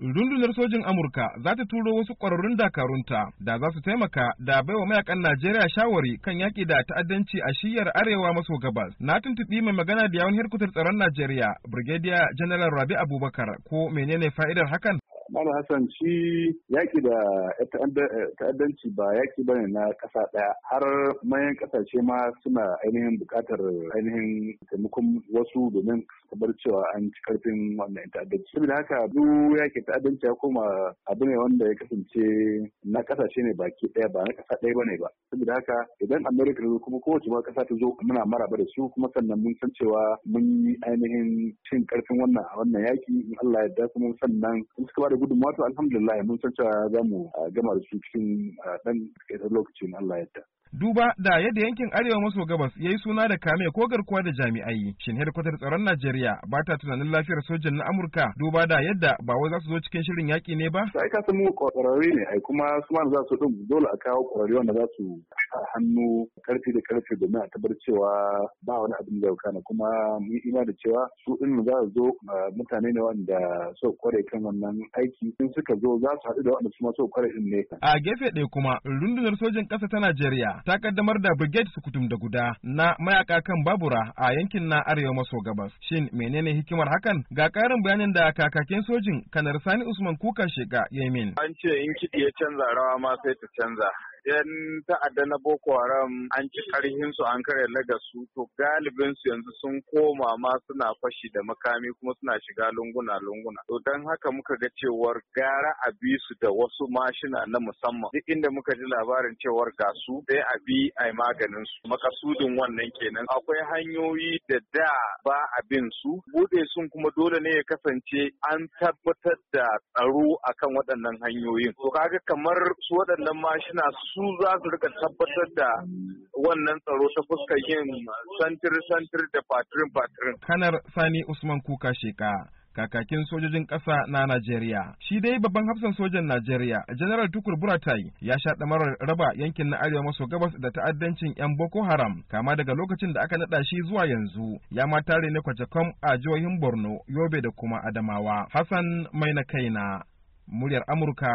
rundunar sojin Amurka za ta turo wasu ƙwararrun dakarunta da za su taimaka da baiwa mayakan Najeriya shawari kan yaƙi da ta'addanci a shiyar arewa maso gabas. Na tuntuɓi mai magana da yawon hirkutar tsaron Najeriya, Brigadier General Rabi Abubakar, ko menene fa'idar hakan? Maru Hassan shi yaƙi da eh, ta'addanci ba yaƙi bane na ƙasa ɗaya har manyan ƙasashe ma suna ainihin buƙatar ainihin taimakon wasu domin tabbar cewa an ci ƙarfin wannan ta'addanci. Saboda haka duk yaƙi ta'addanci ya koma abu ne wanda ya kasance na ƙasashe ne baki ɗaya ba na ƙasa ɗaya bane ba. Saboda haka idan Amerika ta zo kuma kowace ma ƙasa ta zo muna maraba da su kuma sannan mun san cewa mun yi ainihin cin ƙarfin wannan wannan yaƙi in Allah ya yarda kuma sannan in suka ba da gudunmawa to alhamdulillah mun san cewa za mu ah, gama da su cikin dan ah, lokacin Allah yadda. Duba da yadda yankin Arewa maso gabas ya yi suna da kame ko garkuwa da jami'ai, shin hedkwatar tsaron Najeriya ba ta tunanin lafiyar sojan na Amurka duba da yadda ba wai za su zo cikin shirin yaƙi ne ba? Sai ka samu ƙwararre ne ai kuma su ma za su ɗin dole a kawo ƙwararre wanda za su a hannu karfi da karfe domin a tabbar cewa ba wani abin da na kuma mun ina da cewa su ɗin za su zo ah, mutane ne wanda su kware kan wannan aiki. aiki in suka zo za su haɗu da waɗanda su masu kware in ne. A gefe ɗaya kuma rundunar sojin ƙasa ta Najeriya ta kaddamar da Brigade Sukutum da guda na mayaka kan babura a yankin na Arewa maso gabas. Shin menene hikimar hakan? Ga ƙarin bayanin da kakakin sojin Kanar Sani Usman Kuka Sheka Yemin. An ce in kiɗi ya canza rawa ma sai ta canza. yan ta'adda na Boko Haram an ci karhinsu su an kare lagas su to galibinsu yanzu sun koma ma suna fashi da makami kuma suna shiga lunguna lunguna to don haka muka ga cewa cewar gara a bi su da wasu mashina na musamman duk inda muka ji labarin cewar gasu su sai a bi a maganin su makasudin wannan kenan akwai hanyoyi da da ba a bin su bude sun kuma dole ne ya kasance an tabbatar da tsaro akan waɗannan hanyoyin to kaga kamar su waɗannan mashina su za su rika tabbatar da wannan tsaro ta fuskar yin santir santir da patirin patirin. kanar sani usman kuka sheka kakakin sojojin ƙasa na Najeriya. Shi dai babban hafsan sojan Najeriya, General Tukur Buratai, ya sha ɗamarar raba yankin na Arewa maso gabas da ta'addancin 'yan Boko Haram, kama daga lokacin da aka naɗa shi zuwa yanzu, ya ma tare ne kwacakom a jihohin Borno, Yobe da kuma Adamawa. Hassan Maina Kaina, muryar Amurka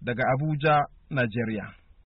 daga Abuja, Najeriya.